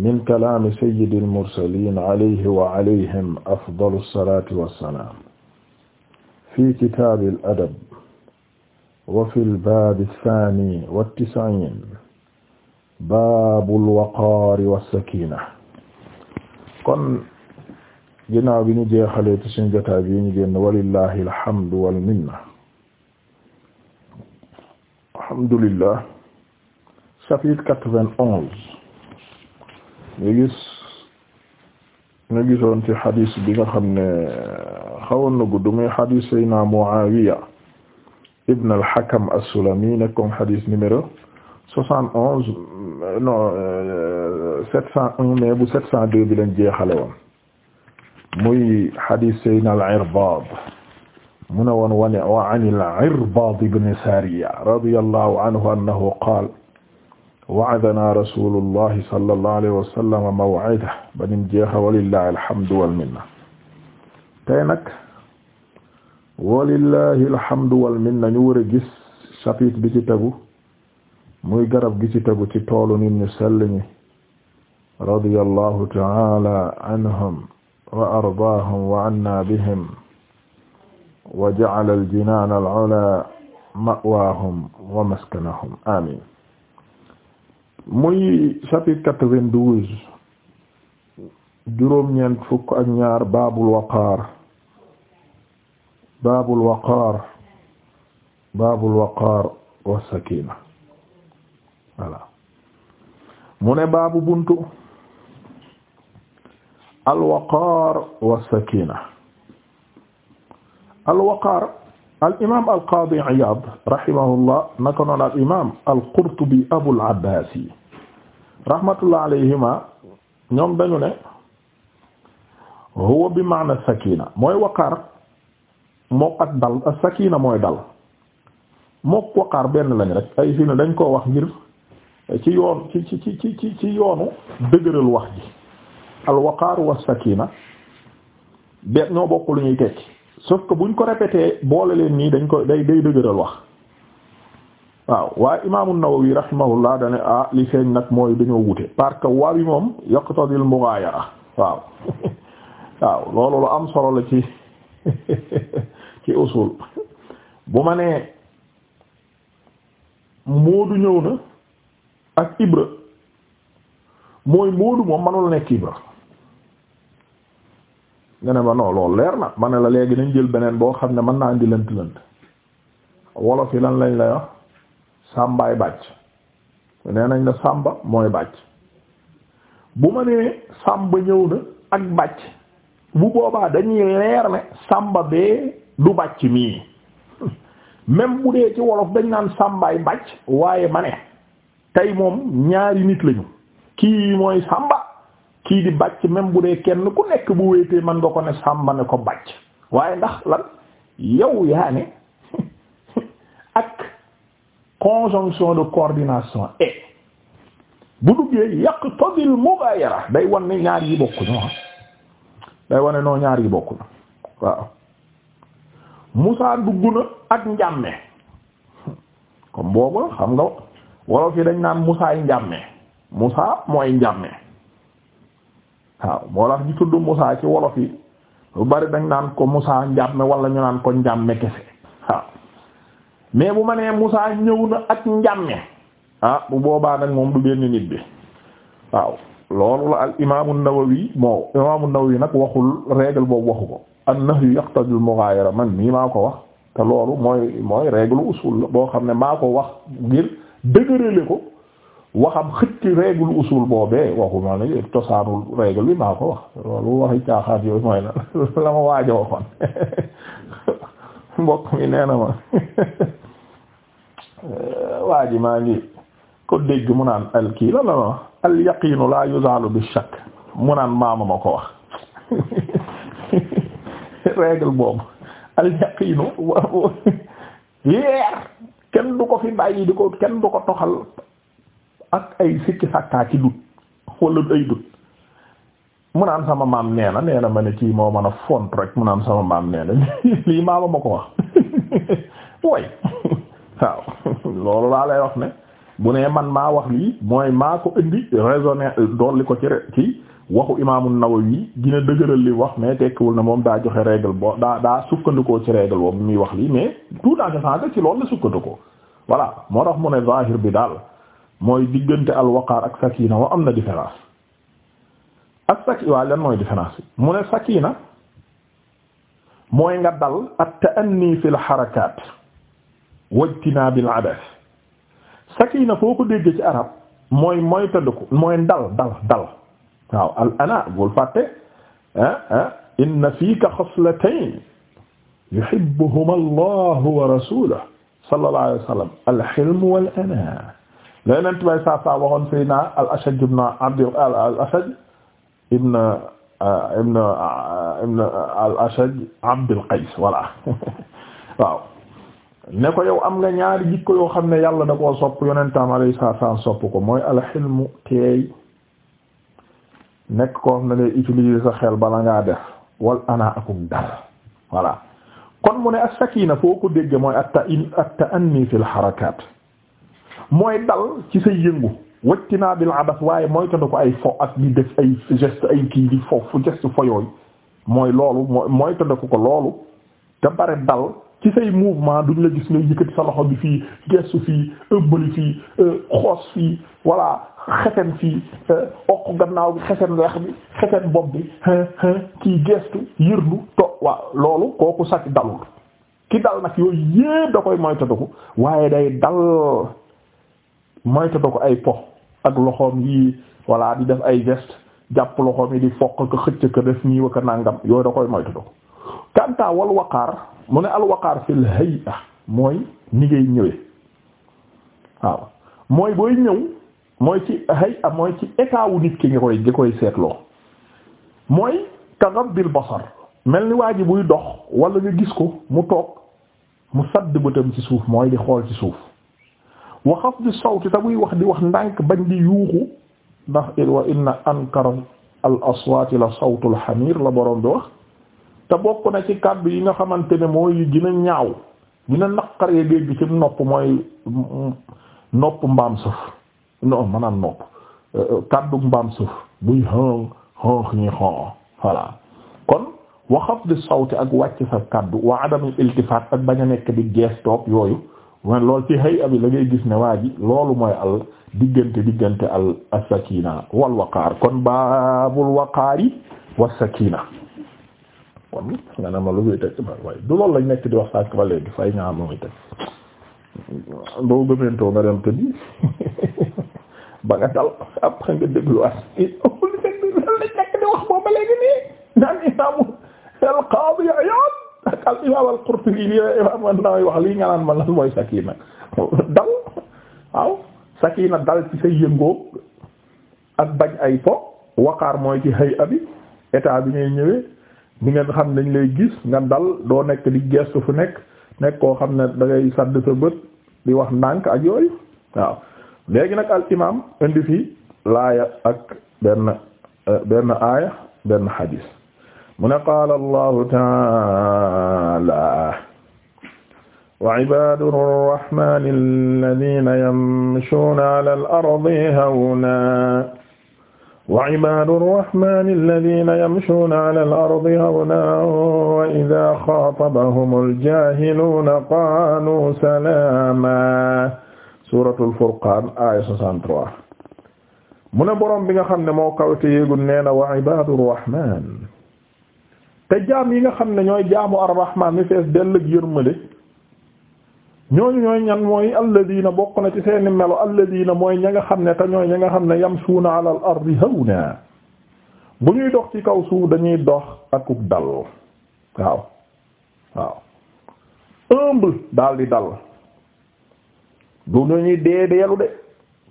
min kalaami sayyidil mursaliin alayhi wa alayhim afdalu salaati wa salaam. fi kitaabil adab. wa fil baabi saani wa tis'iin. baabul waqaari wa sakiina. kon ginnaaw bi ñu jeexalee ci suñu jotaay bi ñu génn walillaahi alhamdu wal minna. alhamdulillah. chapitre quatre-vingt-onze. ñu gis ñu gisoon ci xadis bi nga xam ne xawoon na gudd muy xadis sayna Muawiya ibn al-Hakam as-Sulami nekkoon xadis numéro soixante onze non euh, sept cent un mais bu sept cent deux bi lañ jeexale woon muy xadis sayna al-Irbad mu ne woon wane wa an al-Irbad ibn Sariya radiyallahu anhu annahu qaala wa'adanaa rasuulullahi sallallahu alayhi wa sallam maw'ida ba nim jeexa walillahi alhamdu wal minna tey nag walillahi alhamdu wal minna ñu war a gis chapitre bi ci tegu muy garab gi ci tegu ci toolu nit ñu sell ñi radiyallahu ta'ala anhum wa ardaahum wa anna bihim wa ja'ala al-jinaana al-'ulaa ma'waahum wa maskanahum amiin muy chapitre quatre-vingt-douze juróom-ñeent fukk ak ñaar baabul waqaar baabul waqaar baabul waqaar wa sakina voilà mu ne baabu buntu alwaqaar wa sakina alwaqaar al imaam al qaadi Iyaad rahimahullah naka noonu al imaam al qurtubi abul abbaasi rahmatullah alayhima ñoom dañu ne huwa bi maana sakina mooy waqaar mook ak dal ak sakina mooy dal mook waqaar benn lañ rek ay fi ne dañ koo wax ngir ci yoon ci ci ci ci ci yoonu dëgëral wax ji al waqaar wa sakina benn ñoo bokk lu ñuy tekki sauf que buñ ko répété boole leen nii dañ ko day day dëgëral wax waaw waaye imaamu Nawawi laa dane ah li feeñ nag mooy dañoo wute parce que waaw yi moom yaqtadil mughaayara waaw waaw loolu am solo la ci ci usul bu ma nee moodu ñëw na ak ibra mooy moodu moom manula nekk ibra nga ma non loolu leer na ma ne la léegi nañ jël beneen boo xam ne mën naa indi lënt lënt wolof yi lan lañ lay wax sàmbaay bàcc nee nañ la sàmba mooy bàcc bu ma nee sàmba ñëw na ak bàcc bu boobaa dañuy leer ne sàmba bee du bàcc mii même bu dee ci wolof dañ naan sàmbaay bàcc waaye ma ne tey moom ñaari nit lañu kii mooy sàmba kii di bàcc même bu dee kenn ku nekk bu wéetee mën nga ko ne sàmba ne ko bàcc waaye ndax lan yow yaa ne conjonction de coordination et bu duggee yaqtadil mughayara day wan ne ñaar yi bokk ñu day wan ne noo ñaar yi bokk na waaw Musa dugg na ak njàmme comme boobu xam nga wolof yi dañ naan Musa yi njàmme Musa mooy njàmme waaw moo tax ñu tudd musaa ci wolof yi lu bari dañ naan ko musaa njàmme wala ñu naan ko njàmme kese mais bu ma nee Musaa ñëw na ak njàmme ah bu boobaa nag moom du benn nit bi waaw loolu la al imaamu Nawawi moo imaamu Nawawi nag waxul règle boobu waxu ko an-nahyu yaqtadi al-mughayara man mii maa ko wax te loolu mooy mooy règle usul xam ne maa ko wax ngir dëgërale ko waxam xëcc règle usul boobee waxuma ne cosaanul règle bi maa ko wax loolu waxi caaxaat yooyu mooy la la ma waaja waxoon mbokk mi nee ma Eh, waa ji maa ngi ko dégg mu naan al kii la la ma al yaqiinu la yuzalu bi shakk mu naan maama ma ko wax règle boobu al yaqiinu leer kenn du ko fi bàyyi kenn du ko toxal ak ay sikki sàkkaa ci dut na nee na ma ne kii moo mën font mu naan sama maam nee ma ko wax way waaw loolu laa lay wax ne mu ne man maa wax lii mooy maa ko indi raisonné euh, dolli ko ci ci waxu imaamu Nawawi dina dëgëral li wax mais tekkiwul na moom daa joxe règle bo daa daa sukkandikoo ci règle boobu muy wax lii mais tout à fait ci loolu la sukkandikoo voilà moo tax mu ne zahir bi daal mooy diggante alwaqaar ak sakina wa am na différence ak sakina waaye lan mooy différence bi mu ne sakina mooy nga dal at ta'anni fil harakaat wajtinaa bil abas sakina foo ko dégg ci arab mooy mooy tëddku mooy dal dal dal waaw al ana bul fàtte ah ah inna fiika xaslatayn yuhibbuhuma allahu wa rasuluhu sallallahu alayhi wa sallam al hilm wal ana la nent bay saa saa waxoon sayyidina al ashaj ibn abd al ashaj ibn ah, ibn ah, ibn ah, al ashaj abd al qais voilà waaw ne ko yow am nga ñaari jikko yoo xam ne yàlla da koo sopp yonentam alayhi salaam sopp ko mooy alxilmu teey nekk koo xam ne ngay utiliser sa xel bala ngaa def wal ana akum dal voilà kon mu ne as-sakina foo ko dégge mooy atta in atta anni fil xarakaat mooy dal ci sa yëngu wactinaa bil abas waaye mooy te ko ay fo ak di def ay geste ay kii di fo fu geste mooy loolu mooy mooy te ko ko loolu te bare dal ci say mouvement duñ la gis nga yëkkati sa loxo bi fii gestu fii ëbbali fii euh, xoos fii voilà xesen fii euh, okk gannaaw bi xesen lex bi xesen bopp bi kii gestu yërlu to waaw loolu kooku sax dalul ki dal nag yooyu yépp da koy moytatu waaye day dal moytatu ko ay po ak loxoom yi voilà di def ay geste jàpp loxoom yi di fokk ko xëcc ko def nii wa nàngam yooyu da koy moytatu ko kanta wal waqaar mu ne alwaqaar fil hay'a mooy ni ngay ñëwee waaw mooy booy ñëw mooy ci hay'a mooy ci état wu nit ki nga koy nga seetloo mooy kagambil basar mel ni waa ji buy dox wala nga gis ko mu toog mu sadd bëtam ci suuf mooy di xool ci suuf wa xafdi sawti te buy wax di wax ndànk bañ di yuuxu ndax wa inna ankara al aswaati la sawtul xamir la boroom bi wax te bokk na ci kàddu yi nga xamante ne mooy dina ñaaw dina naqaree dégg ci nopp mooy nopp mbaam sëf non maanaam nopp euh, euh, kàddu mbaam sëf buy xëng xëng ñi kon waxaf di sawti ak wàcc sa kàddu waa adamul iltifaat ak bañ a nekk di gees toog yooyu man loolu ci xëy abi la ngay gis ne waa loolu mooy al diggante diggante al sakina wal waqaar kon baabul waqaari was sakina kon nga ne ma lu koy teg waaye loolu lañ nekk di wax sànq ba léegi fay ñaar lu muy teg boo gëmentoo nga dem tëddi ba nga dal après nga dégluwaat amul wax boobu ba nii naan imaamu al-Qaadi Iyaad ak lii imaam an wax lii nga naan ma lan mooy sakina dal waaw sakina dal ci say yëngoo ak bañ ay po waqaar mooy ci hay'a bi état bi ngay ñëwee bi ngeen xam dañ lay gis nga dal doo nekk di gestu fu nekk nekk koo xam ne da ngay sadd sa bët di wax ndànk ak yooyu waaw léegi nag al imam indi fi laaya ak benn euh, benn aaya benn xadis mu ne qaala allahu taala wa ibaadu rrahmaani alladina yamshuuna ala al ardi hawna wa ibaadu rrahmaani allaziina yamshuuna alal ardi hawnan wa izaa xaatabahumul jaahiluuna qaaluu salaaman suuratul furqaan aaya 63. mu ne boroom bi nga xam ne moo kaw te yéegul nee na wa ibaadu rrahmaan te jaam yi nga xam ne ñooy jaamu arrahmaan mi fees dell ak yërmande ñooñu ñooy ñan mooy alladina bokk na ci seeni melo alladina mooy ña nga xam ne te ñooy ña nga xam ne yamsuuna ala al ardi hawna bu ñuy dox ci kaw suuf dañuy dox akuk dal waaw waaw humble daal di dal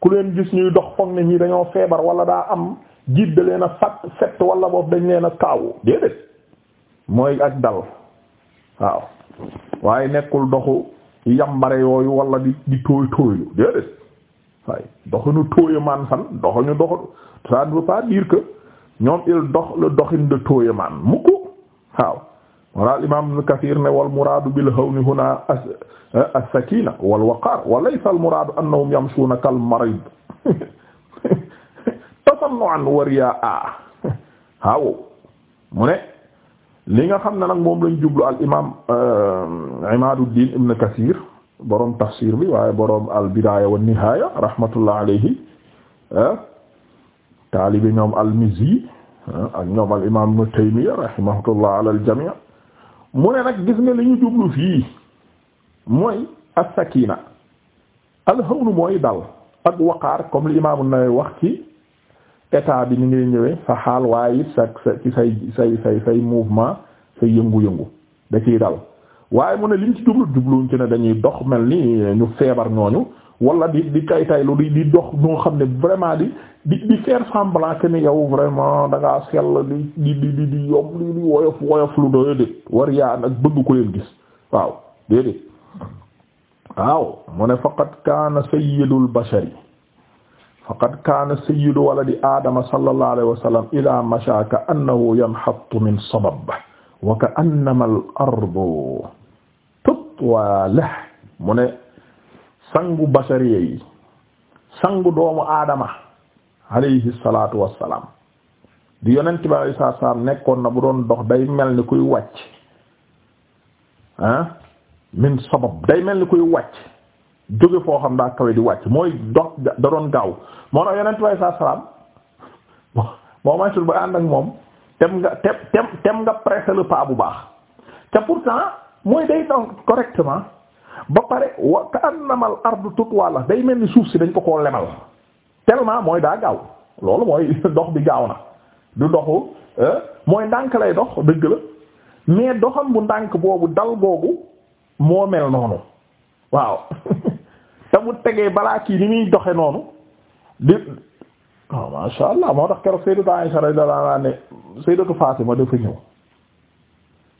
ku leen gis ñuy dox foog ne ñi dañoo feebar wala daa am jiit da wala boof dañ leen a kaawu mooy ak dal waaw waaye nekkul doxu yambare yooyu wala di di tooy tooylu déedéet waaye doxinu tooya maan fan doxuñu doxu ça ne veut pas dire ñoom il dox le doxin de tooya maan mukk waaw wala imam ibn kathir ne wal muraadu bil hawni huna eh, as-sakina wal waqaar wa laysa al muraadu annahum yamshuuna kal marid tasannu'an wa riya'a waaw mu ne li nga xam ne nag moom lañ jublu al imaam euh, Imaaduddin Ibn Kathir borom tafsir bi waaye borom al bidaaya wa nihaaya rahmatullah alayhi euh, taalibi ñoom al Mizzi euh, ak ñoom al imaam Ibn Taymiyya rahmatullah ala al jamii mu ne nag gis nga li ñu jublu fii mooy as-sakina al hawlu mooy dal ak waqaar comme li imaam an wax ci. état bi ni ngay ñëwee sa xaal waaye it sa sa ci say mouvement say yëngu-yëngu da ciy dal waaye mu ne liñ ci jublu ne dañuy dox mel ni ñu feebar ñooñu wala di di kay taylu di di dox ñoo xam ne vraiment di di di faire semblant que ni yow vraiment da sell di di di yomb li woyof woyof lu doyo dét war yaa nag bëgg ko leen gis waaw déedéet waaw mu ne faqat kaana sayyidul yi faqad kaana sayyidu waladi aadama sallallahu alayhi wa sallam idaa mashaa ka annahu yanhattu min sabab wa ka annama al-ardu tutwaa lahu mu ne sangu bashariya yi sangu doomu aadama alayhi salaatu wa salaam di yonent bi alayhi salaatu wa salaam nekkoon na bu doon dox day mel ni kuy wàcc ah min sabab day mel ni kuy wàcc. jóge foo xam daa kawe di wàcc mooy dox da doon gaaw moo tax yonent way saa salaam moo may sul ba ànd ak moom tem nga tem tem tem nga pressé le pas bu baax te pourtant mooy day daw correctement ba pare wa ka annamal ardu tutwa la day mel ni suuf si dañ ko koo lemal tellement mooy daa gaaw loolu mooy dox bi gaaw na du doxu euh, mooy ndànk lay dox dëgg la mais doxam bu ndànk boobu dal boobu moo mel noonu waaw te mu tegee balaa kii ni muy doxe noonu di waaw masha allah moo tax keroog sayyidatu Aisha radiyallahu anha ne sayyidatu Fatima dafa ñëw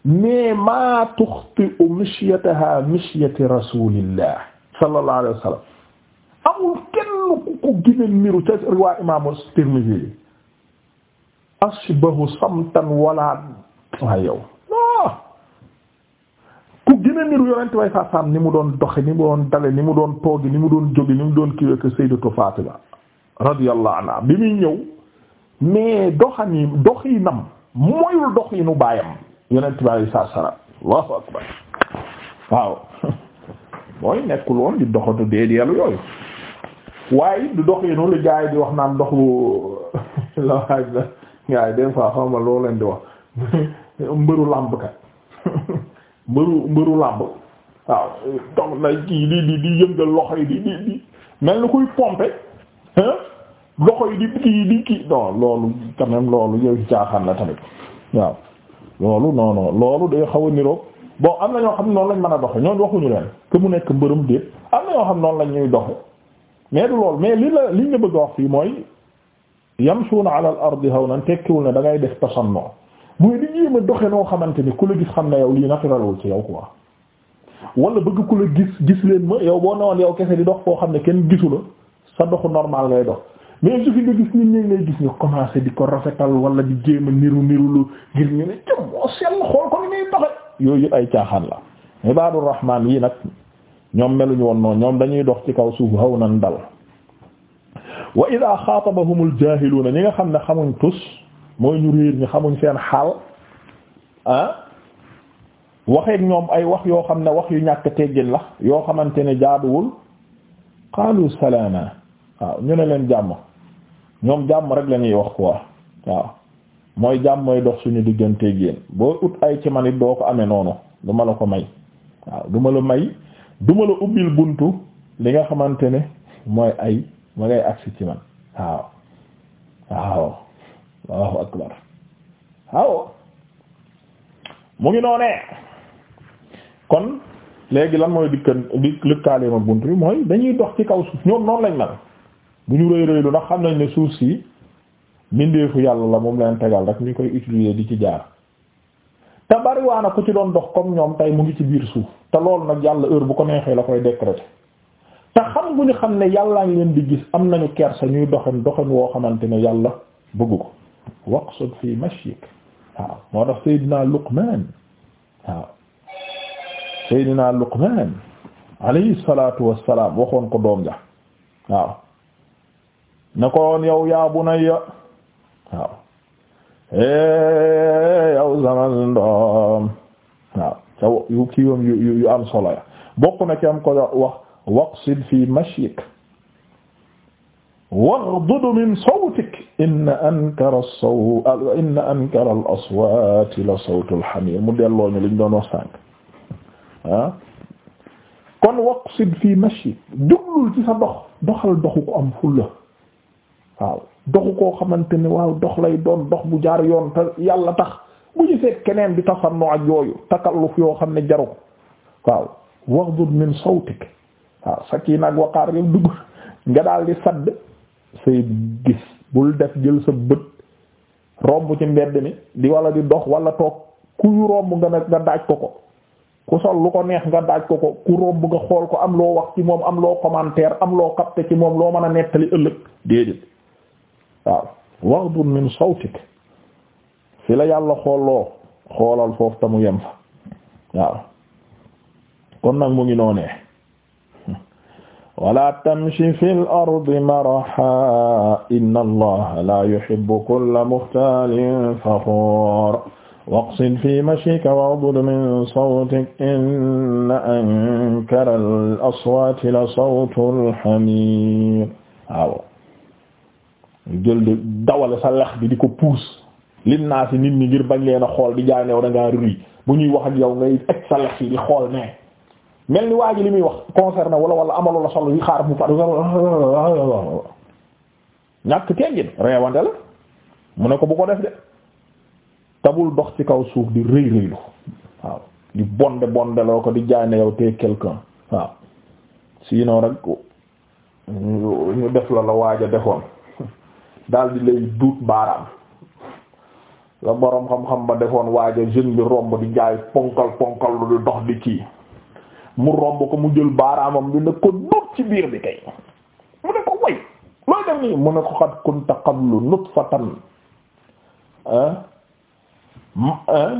mais ma tuxti'u mishyataha mishyati rasulillah sallallahu alayhi wa sallam amul kenn ku ko gëna niru ca riwaa imaamu Tirmidhi ashbahu samtan wala waaye yow ku gën a niru yonent way saa saam ni mu doon doxe ni mu doon dale ni mu doon toogi ni mu doon jóge ni mu doon kiiwe que am Fatima radiyallahu anha bi muy ñëw mais doxani doxinam moyul doxinu baayam yonent bi alayhi salaam allahu akbar waaw mooy nekkul woon di doxatu déedéelu yooyu waaye du doxinu li gaa yi di wax naan doxu la waaj la gaa yi des fois xaw ma loo leen di wax mbëru làmbkat mbëru mbëru làmb waaw toog na kii di di di yëngal loxo yi di di mel ni kuy pomper loxo yi di kii di kii non loolu quand même loolu yow jaaxaan la tamit waaw loolu non loolu day xaw a niroog bon am na ñoo xam noonu lañ mën a doxe ñoom waxuñu leen que mu nekk mbërëm déet am na ñoo xam noonu lañ ñuy doxe mais du loolu mais li la liñ la bëgg a wax fii mooy yamsuuna ala yi ardi hawnan tekkiwul ne da ngay def tasanno mooy di jéem doxe noo xamante ni ku la gis xam ne yow lii naturelul ci yow quoi wala bëgg ku la gis gis leen ma yow boo newoon yow kese di dox foo xam ne kenn gisu la sa doxu normal ngay dox mais su fi nga gis nit commencé di ko rafetal wala di jéem a niru nirulu ngir ñu ne jëm moo sell xool ko ni ngay doxe yooyu yëpp ay caaxaan la ibadur rahman yi nag ñoom meluñu woon noonu ñoom dañuy dox ci kaw suuf haw nan dal wa ida xaatabahumul jaahiluuna ñi nga xam ne xamuñ tus mooy ñu réer ñu xamuñ seen xaal ah waxeek ñoom ay wax yoo xam ne wax yu ñàkk teggin la yoo xamante ne jaaduwul qaalu salaama waaw ñu ne leen jàmm ñoom jàmm rek la wax quoi waaw mooy jàmm mooy dox suñu digganteeg yéen boo ut ay ci man it doo ko amee noonu du la ko may waaw du ma la may du ma la ubbil buntu li nga xamante ne mooy ay ma ngay agsi ci man waaw waaw allahu akbar waaw mu ngi noonee kon léegi lan mooy dikka di lëkkaaleema bunt bi mooy dañuy dox ci kaw suuf ñoom noonu lañ mel bu ñu rëy rëylu ndax xam nañ ne suuf si mindeefu yàlla la moom leen tegal rek ngi koy utiliser di ci jaar te bariwaana ku ci doon dox comme ñoom tey mu ngi ci biir suuf te loolu nag yàlla heure bu ko neexee la koy décréter te xam bu ñu xam ne yàllaa ngi leen di gis am nañu kersa ñuy doxen doxen woo xamante ne yàlla bëgg ko waqsud fi mashyik waaw moo tax Seydina Luqman waaw Seydina Luqman alayhi salatu wassalam waxoon ko doom ja waaw na ko woon yaa bunayya waaw eh, yow sama doom waaw ca yu yu am solo ya ko wax waqsid fi mashyik waghdud min sawtik inna ankara as-sawt inna ankara al-aswaati la sawtu al-hamiir mu delloo ñu liñ doon wax sànq ah kon waqsid fii mashyi juglul ci sa dox doxal doxu ko am fulla waaw doxu koo xamante ne waaw dox lay doon dox bu jaar yoon te yàlla tax bu ñu seet keneen di tafannu ak yooyu takalluf yoo xam ne jaru ko waaw waghdud min sawtik waaw sakiina ak waqaar yow dugg nga daal di sadd say gis bul def jël sa bët romb ci mbedd mi di wala di dox wala toog ku romb nga ne nga daaj ko ko ku sol lu ko neex nga daaj ko ko ku romb nga xool ko am loo wax ci moom am loo commentaire am loo capté ci moom loo mën a nettali ëllëg déedéet waaw waghdun min sawtik fi la yàlla xooloo xoolal foofu tamu yem fa waaw kon nag mu ngi noonee wala tamshi fil ardi maraha inna allaha la yuhibbu kulla muxtaalin faxuur waqsid fii mashika waghdud min sawtik inna ankara al aswaati la sawtul hamiir waaw jël di dawal sa lex bi di ko puus lin naa si nit ñi ngir bañ leen a xool di jaay new da ngaa rëy bu ñuy wax ak yow ngay teg sa lex yi di xool ne mel ni waa ji li muy wax concerné wala wala amalu la solo yi xaar bu par ñàkk teggin reewante la mu ne ko bu ko def de tabul dox ci kaw suuf di rëy rëylu waaw di bonde bonde loo ko di jaay ne yow te quelqu'un waaw sinon rek ñu def la la waaja defoon daal di lay duut baaraam la boroom xam-xam ba defoon waaja jeune bi romb di jaay ponkal ponkal lu dox di kii mu romb ko mu jël baaraamam bi ne ko dóor ci biir bi tey mu ne ko way looy dem nii mu ne ko xat kunta qablu nutfatan ah, ah,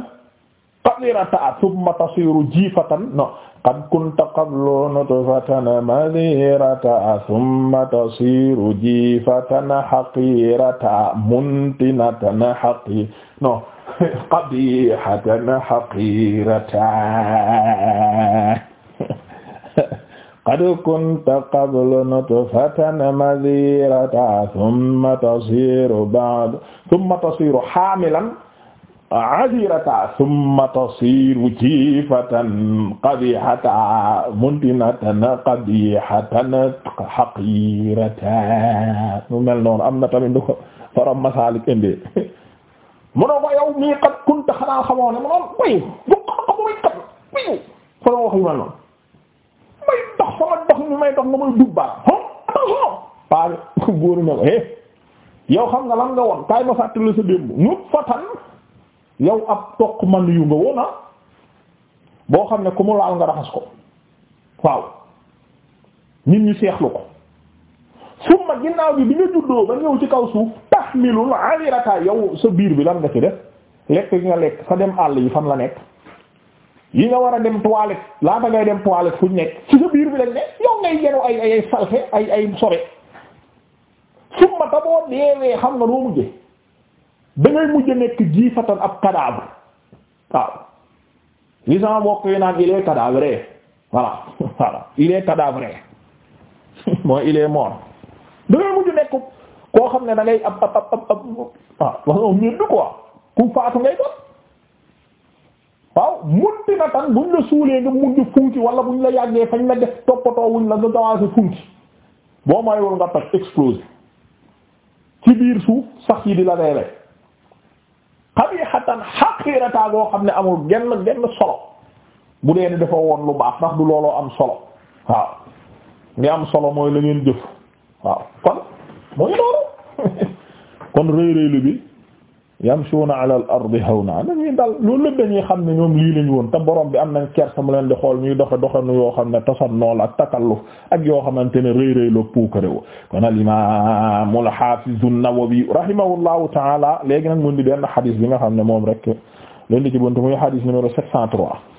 qadirata thumma tasiru jiifatan no qad kunta qablu nutfatan madirata thumma tasiru jiifatan haqirata muntinatan haqi no qabihatan haqirata qad kunta qabla nutfatan mazirata thumma tasiru ba'd thumma tasiru hamilan azirata thumma tasiru jifatan qabihatan muntinatan qabihatan haqiratan mu mel noonu am na tamit lu ko borom Masaalik indi munoo ko yow mii qad kunta xanaa xamoo ne munoon oui bu ko xamoo kat oui wax yu mel noonu may dox sama dox mi may dox nga may dubbaat hom attention paa bi góor na ko eh yow xam nga lan nga woon kaay ma fàttali sa démb ñu fatan yow ab toq man yu nga woona ah, boo xam ne ku mu laal nga raxas ko waaw nit ñu seexlu ko summa ginnaaw bi bi nga juddoo ba ñëw ci kaw suuf taxmilul alirata yow sa biir bi lan nga ci def lekk nga lekk sa dem àll yi fan la nekk yi nga war a dem toilette laata ngay dem toilette fuñ nekk ci sa biir bi lañ ne yow ngay genu ay salfe ay ay sobe summa ta boo deewee xam nga noo mujje da mujje nekk jiifatan ab cadavre waaw li sama bokk yi naan il est cadavre voilà voilà il est cadavre mooy il est mort da ngay mujj nekk koo xam ne da ngay ab ab ab ab waaw wax nga miir bi quoi ku faatu ngay doon waaw munti na tan buñ la suulee nga mujj funki wala buñ la yàggee fañ la def toppatoo wuñ la nga gawaase funki boo maywul nga toj explose ci biir suuf sax yi di la dee rek xabixatan xaqirataa goo xam ne amul genn genn solo bu dee ni dafa woon lu baax ndax du looloo am solo waaw li am solo mooy la ngeen jëf waaw kon mooy loolu kon rëy rëylu bi yamshuna ala al ardi hawna dañuy dal loolu lépp dañuy xam ne ñoom lii lañ woon te borom bi am nañ kersa mu leen di xool ñuy doxe doxanu yoo xam ne tasannool ak takalluf ak yoo xamante ne rëy rëy loo puukare wo kon al imam al hafiz an-Nawawi rahimahullahu taala léegi nag mun di benn xadis bi nga xam ne moom rek leen di ci buntu muy xadis